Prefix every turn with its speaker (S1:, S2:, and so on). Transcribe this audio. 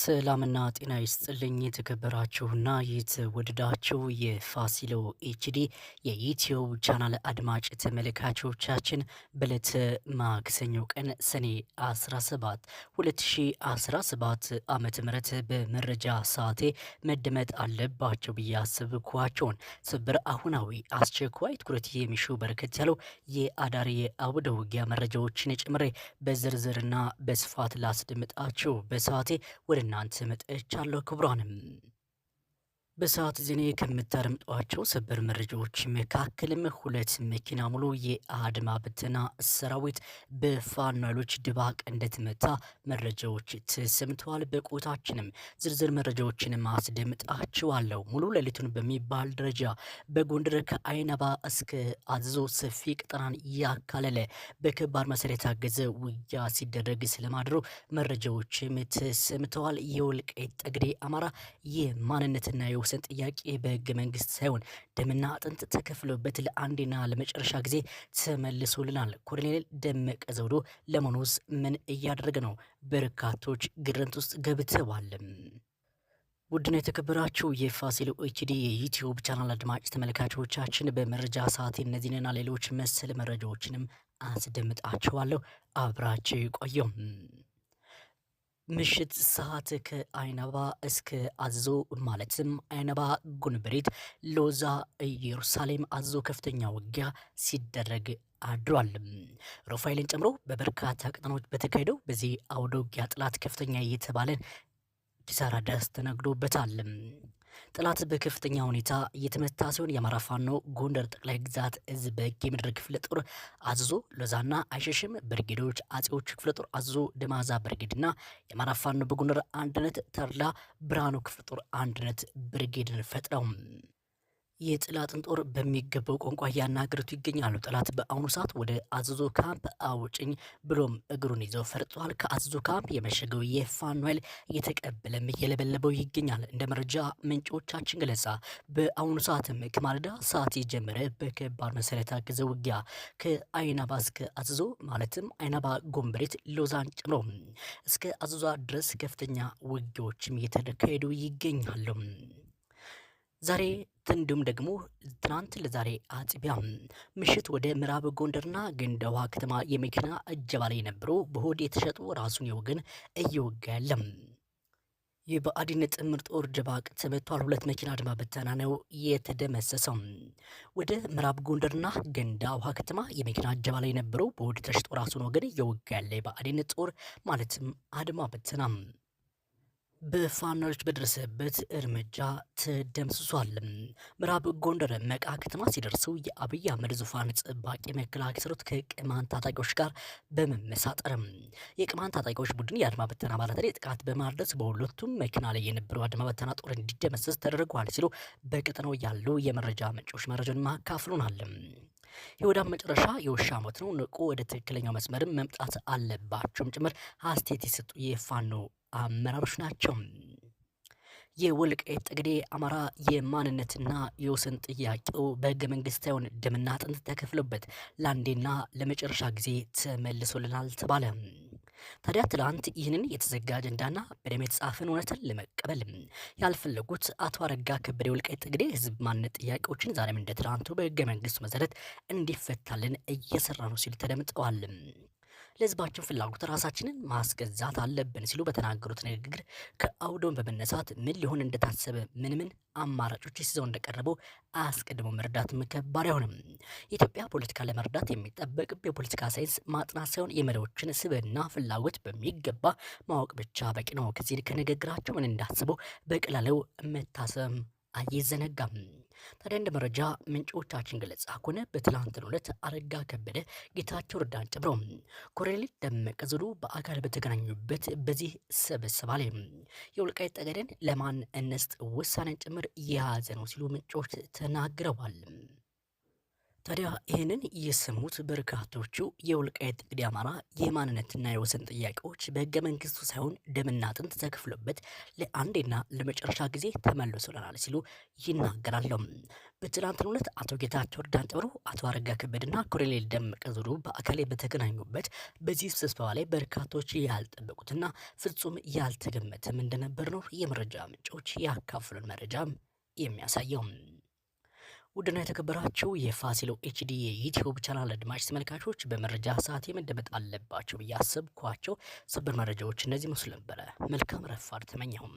S1: ሰላምና ጤና ይስጥልኝ የተከበራችሁና የተወደዳችሁ የፋሲሎ ኤችዲ የዩትዩብ ቻናል አድማጭ ተመልካቾቻችን በዕለተ ማክሰኞ ቀን ሰኔ 17 2017 ዓመተ ምህረት በመረጃ ሰዓቴ መደመጥ አለባቸው ብዬ አሰብኳቸውን ስብር አሁናዊ አስቸኳይ ትኩረት የሚሹ በርከት ያለው የአዳሪ አውደ ውጊያ መረጃዎችን ጨምሬ በዝርዝርና በስፋት ላስደምጣችሁ በሰዓቴ ወደ እናንተ መጥቻለሁ። ክቡራንም በሰዓት ዜና ከምታደምጧቸው ሰበር መረጃዎች መካከልም ሁለት መኪና ሙሉ የአድማ ብትና ሰራዊት በፋኖ ድባቅ እንደተመታ መረጃዎች ተሰምተዋል። በቆይታችንም ዝርዝር መረጃዎችን አስደምጣችኋለሁ። ሙሉ ሌሊቱን በሚባል ደረጃ በጎንደር ከአይናባ እስከ አዘዞ ሰፊ ቅጠናን እያካለለ በከባድ መሳሪያ የታገዘ ውጊያ ሲደረግ ስለማድረው መረጃዎችም ተሰምተዋል። የወልቃይት ጠገዴ አማራ የማንነትና የመወሰን ጥያቄ በህገ መንግስት ሳይሆን ደምና አጥንት ተከፍሎበት ለአንዴና ለመጨረሻ ጊዜ ተመልሶልናል። ኮሎኔል ደመቀ ዘውዶ ለመኖስ ምን እያደረገ ነው? በርካቶች ግርምት ውስጥ ገብተዋል። ውድና የተከበራችሁ የፋሲል ኦኤችዲ የዩትዩብ ቻናል አድማጭ ተመልካቾቻችን በመረጃ ሰዓት እነዚህንና ሌሎች መሰል መረጃዎችንም አስደምጣችኋለሁ። አብራችሁ ቆየው። ምሽት ሰዓት ከአይነባ እስከ አዞ ማለትም አይነባ፣ ጉንብሪት፣ ሎዛ፣ ኢየሩሳሌም አዞ ከፍተኛ ውጊያ ሲደረግ አድሯል። ሮፋይልን ጨምሮ በበርካታ ቀጠናዎች በተካሄደው በዚህ አውደ ውጊያ ጥላት ከፍተኛ እየተባለ ኪሳራ ደስ ተነግዶበታል። ጠላት በከፍተኛ ሁኔታ እየተመታ ሲሆን የአማራ ፋኖ ጎንደር ጠቅላይ ግዛት እዝ በሕግ የምድር ክፍለ ጦር አዝዞ ሎዛና አይሸሽም ብርጌዶች አጼዎች ክፍለ ጦር አዝዞ ደማዛ ብርጌድና የአማራ ፋኖ በጎንደር አንድነት ተድላ ብርሃኑ ክፍለ ጦር አንድነት ብርጌድን ፈጥረው የጠላትን ጦር በሚገባው ቋንቋ እያናገሩት ይገኛሉ። ጠላት በአሁኑ ሰዓት ወደ አዘዞ ካምፕ አውጭኝ ብሎም እግሩን ይዘው ፈርጧል። ከአዘዞ ካምፕ የመሸገው የፋኖ ኃይል እየተቀበለም እየለበለበው ይገኛል። እንደ መረጃ ምንጮቻችን ገለጻ በአሁኑ ሰዓትም ከማለዳ ሰዓት የጀመረ በከባድ መሰረት የታገዘ ውጊያ ከአይናባ እስከ አዘዞ ማለትም አይናባ፣ ጎንበሬት፣ ሎዛን ጭኖ እስከ አዘዟ ድረስ ከፍተኛ ውጊያዎችም እየተካሄዱ ይገኛሉ። ዛሬ እንዲሁም ደግሞ ትናንት ለዛሬ አጥቢያ ምሽት ወደ ምዕራብ ጎንደርና ገንደ ከተማ የመኪና እጀባ ላይ ነበሩ። በሆድ የተሸጡ ራሱን የወገን እየወጋ ያለም የብአዴን ጥምር ጦር ድባ ተመቷል። ሁለት መኪና አድማ በተና ነው የተደመሰሰው። ወደ ምዕራብ ጎንደርና ገንዳ ውሃ ከተማ የመኪና እጀባ ላይ ነበሩ። በወድ ተሽጦ ራሱን ወገን እየወጋ ያለ የብአዴን ጦር ማለትም አድማ በተናም በፋኖዎች በደረሰበት እርምጃ ተደምስሷል። ምዕራብ ጎንደር መቃ ከተማ ሲደርሰው የአብይ አህመድ ዙፋን ጠባቂ መከላከያ ሰራዊት ከቅማንት ታጣቂዎች ጋር በመመሳጠር የቅማንት ታጣቂዎች ቡድን የአድማ በተና አባላት ላይ ጥቃት በማድረስ በሁለቱም መኪና ላይ የነበረው አድማ በተና ጦር እንዲደመሰስ ተደርጓል ሲሉ በቀጠናው ያሉ የመረጃ ምንጮች መረጃን ማካፍሉናል። የወዳም መጨረሻ የውሻ ሞት ነው። ንቁ ወደ ትክክለኛው መስመርም መምጣት አለባቸውም ጭምር አስተያየት የሰጡ የፋኖ አመራሮች ናቸው። የወልቃይት ጠገዴ አማራ የማንነትና የወሰን ጥያቄው በህገ መንግስት ሳይሆን ደምና አጥንት ተከፍሎበት ለአንዴና ለመጨረሻ ጊዜ ተመልሶልናል ተባለ። ታዲያ ትላንት ይህንን የተዘጋ አጀንዳና በደም የተጻፈን እውነትን ለመቀበል ያልፈለጉት አቶ አረጋ ከበደ የወልቃይት ጠገዴ ህዝብ ማንነት ጥያቄዎችን ዛሬም እንደ ትላንቱ በህገ መንግስቱ መሰረት እንዲፈታልን እየሰራ ነው ሲል ተደምጠዋል። ለህዝባችን ፍላጎት ራሳችንን ማስገዛት አለብን ሲሉ በተናገሩት ንግግር ከአውዶን በመነሳት ምን ሊሆን እንደታሰበ ምን ምን አማራጮች ይዘው እንደቀረበው አስቀድሞ መረዳት ከባድ አይሆንም። ኢትዮጵያ ፖለቲካ ለመርዳት የሚጠበቅብ የፖለቲካ ሳይንስ ማጥናት ሳይሆን የመሪዎችን ስብዕና ፍላጎት በሚገባ ማወቅ ብቻ በቂ ነው። ከዚህ ከንግግራቸው ምን እንዳስበው በቀላሉ መታሰብም አይዘነጋም። ታዲያ እንደ መረጃ ምንጮቻችን ገለጻ ከሆነ በትላንትናው ዕለት አረጋ ከበደ ጌታቸው ረዳን ጨምሮ ኮሎኔል ደመቀ ዘውዱ በአካል በተገናኙበት በዚህ ስብሰባ ላይ የወልቃይት ለማን ለማንነት ውሳኔን ጭምር የያዘ ነው ሲሉ ምንጮች ተናግረዋል። ታዲያ ይህንን የሰሙት በርካቶቹ የወልቃይት ጠገዴ አማራ የማንነትና የወሰን ጥያቄዎች በህገ መንግስቱ ሳይሆን ደምና አጥንት ተከፍሎበት ለአንዴና ለመጨረሻ ጊዜ ተመልሶልናል ሲሉ ይናገራሉ። በትናንትናው ዕለት አቶ ጌታቸው ረዳን ጨምሮ አቶ አረጋ ከበድና ኮሎኔል ደመቀ ዘውዱ በአካል በተገናኙበት በዚህ ስብሰባ ላይ በርካቶች ያልጠበቁትና ፍጹም ያልተገመተም እንደነበር ነው የመረጃ ምንጮች ያካፍሉን መረጃ የሚያሳየው። ውድና የተከበራችሁ የፋሲሎ ኤችዲ የዩትዩብ ቻናል አድማጭ ተመልካቾች በመረጃ ሰዓት የመደመጥ አለባቸው ብዬ አሰብኳቸው ሰበር መረጃዎች እነዚህ መስሉ ነበረ። መልካም ረፋድ ተመኘሁም።